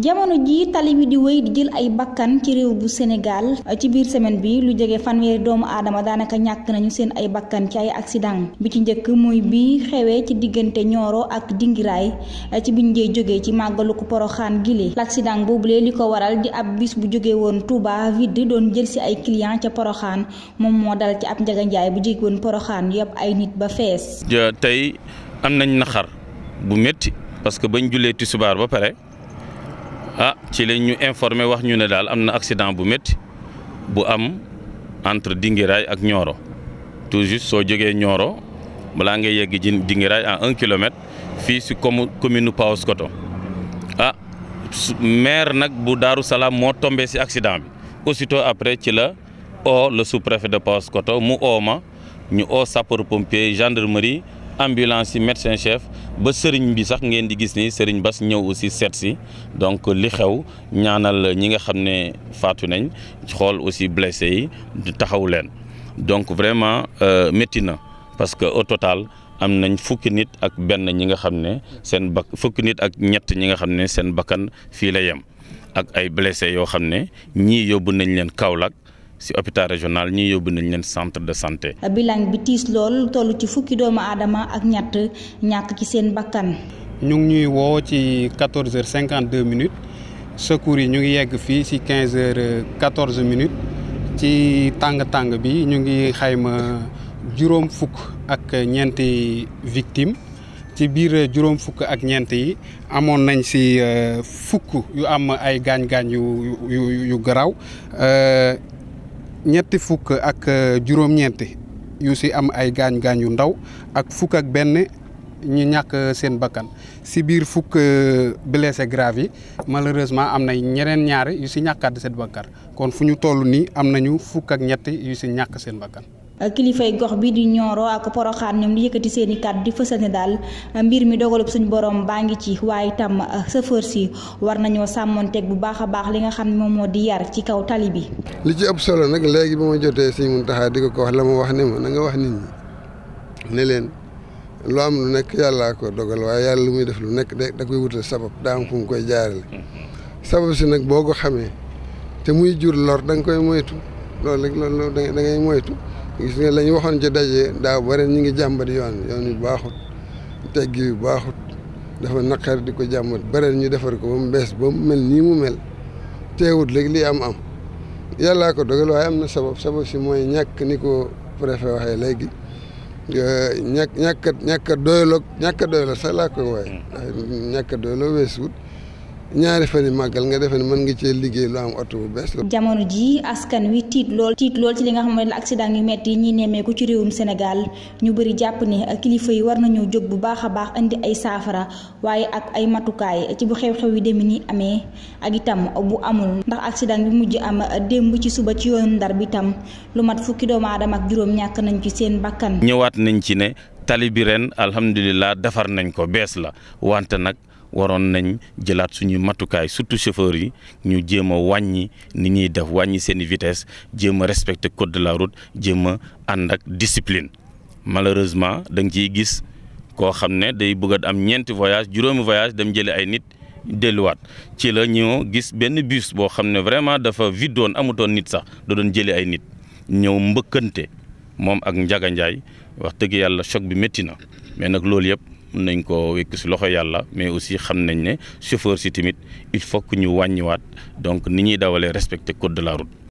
jamono ji tali wi di wéy di jël ay bakkan ci réew bu Sénégal ci biir semaine bi lu jege fanweeri doomu aadama daanaka ñàkk nañu seen ay bakkan ci ay accident bi ci njëkk mooy bi xewee ci diggante Nioro ak Dingiraay ci biñ njee jógee ci màggalu ko Poroxaan gile boobu boobule li ko waral di ab bis bu jógee woon Touba vide doon jël si ay client ca Poroxaan moom moo dal ci ab njaganjaay bu jóge woon Poroxaan yëpp ay nit ba fees. tey am nañ naxar bu métti parce que bañ jullee tisbaar ba pare. ah ci lañ ñu informé wax ñu ne daal am na accident bu métti bu am entre Dingiraay ak Nioro tout juste soo jógee Nioro balaa ngay yegg ji Dingiraay à un kilomètre fii si commune commune Paoskoto ah maire nag bu Daaru Salaam moo tombé si accident bi aussitôt après ci la o la sous-préfet de Paoskoto mu oo ma ñu o sapeur pompier gendarmerie ambulance yi médecin chef ba sëriñ bi sax ngeen di gis ni sëriñ Bas ñëw aussi seet si donc li xew ñaanal ñi nga xam ne faatu nañ xool aussi blessé yi taxaw leen donc vraiment euh, métti na parce que au total am nañ fukki nit ak benn ñi nga xam ne seen bak fukki nit ak ñett ñi nga xam ne seen bakkan fii la yem ak ay blessé yoo xam ne ñii yóbbu nañ leen Kaolack si hôpital régional ñi yóbbu nañ leen centre de santé. bilan bi tiis lool toll ci fukki doomu aadama ak ñett ñàkk ci seen bakkan. ñu ngi ñuy woo ci 14 heures 52 minutes secours yi ñu ngi yegg fii si 15 heures 14 minutes ci tàng-tàng bi ñu ngi xayma juróom fukk ak ñeenti victime ci biir juróom fukk ak ñeent yi amoon nañ si euh, fukk yu am ay gaañ-gaañ yu yu yu ñetti fukk ak euh, juróom-ñeenti yu si am ay gaañ-gaañ yu ndaw ak fukk ak benn ñu ñàkk euh, seen bakkan si biir fukk euh, blessé grave yi malheureusement am na ñeneen ñaari yu si ñàkkaat seen bakkan kon fu ñu toll nii am nañu fukk ak ñetti yu si ñàkk seen bakkan kilifay gox bi di Nioro ak Porokhane ñoom di yëkkati seen i kàddu di fësal ne daal mbir mi dogalub suñu borom baa ngi ci waaye tam euh, chauffeur si war nañoo sàmmonteeg bu baax a baax li nga xam ne moom moo di yar ci kaw tali bi. li ci ëpp solo nag léegi ba ma jotee si Mountakha di ko ko wax la ma wax ne ma na wax nit ñi ne leen lu am lu nekk yàllaa ko dogal waaye yàlla lu muy def lu nekk da koy wutal sabab daa am fu mu koy jaarale. sabab si nag boo ko xamee te muy jur lor da koy moytu loolu rek loolu da moytu. gis la ñu waxoon ci daje daaw bare ñu ngi jàmbat yoon yoon yu baaxut tegg yu baaxut dafa naqar di ko jàmbat bare ñu defar ko ba mu bees ba mu mel nii mu mel teewut léegi lii am am yàllaa ko dogal waaye am na sabab sabab si mooy ñàkk ni ko préfet waxee léegi ñàkk ñàkk ñàkk a doyloo ñàkk a doyloo sax laa koy waaye mm. ñàkk a doyloo weesuut ñaari fan yi màggal nga defe ne mën nga cee liggéey lu am oto bu bees la. jamono ji askan wi tiit lool tiit lool ci li nga xam ne la accident yu metti yi ñuy nemmeeku ci réewum senegal ñu bëri jàpp ne kilifa yi war nañoo jóg bu baax a baax indi ay saafara waaye ak ay matukaay ci bu xew-xew yi demee ni amee ak itam bu amul ndax accident bi mujj am démb ci suba ci yoon Ndar bi itam lu mat fukki doomu aadama ak juróom ñàkk nañ ci seen bàkkan ñëwaat nañ ci ne tali bi ren alhamdulilah defar nañ ko bees la wante nag. waroon nañ jëlaat suñuy matukaay surtout chauffeurs yi ñu jéem a wàññi ni ñuy def wàññi seen i vitesse jéem a respecter code de la route jéema ànd ak discipline malheureusement danga ci gis koo xam ne day bëgg a am ñeenti voyage juróomi voyage dem jëli ay nit delluwaat ci la ñoo gis benn bus boo xam ne vraiment dafa vide woon amutoon nit sax da doon jële ay nit ñëw mbëkkante moom ak Njaga wax dëgg yàlla choc bi métti na mais nag loolu yëpp mën nañ koo wekk si loxo yàlla mais aussi xam nañ ne chauffeur si tamit il faut que ñu wàññiwaat donc ni ñuy dawalee respecter code de la route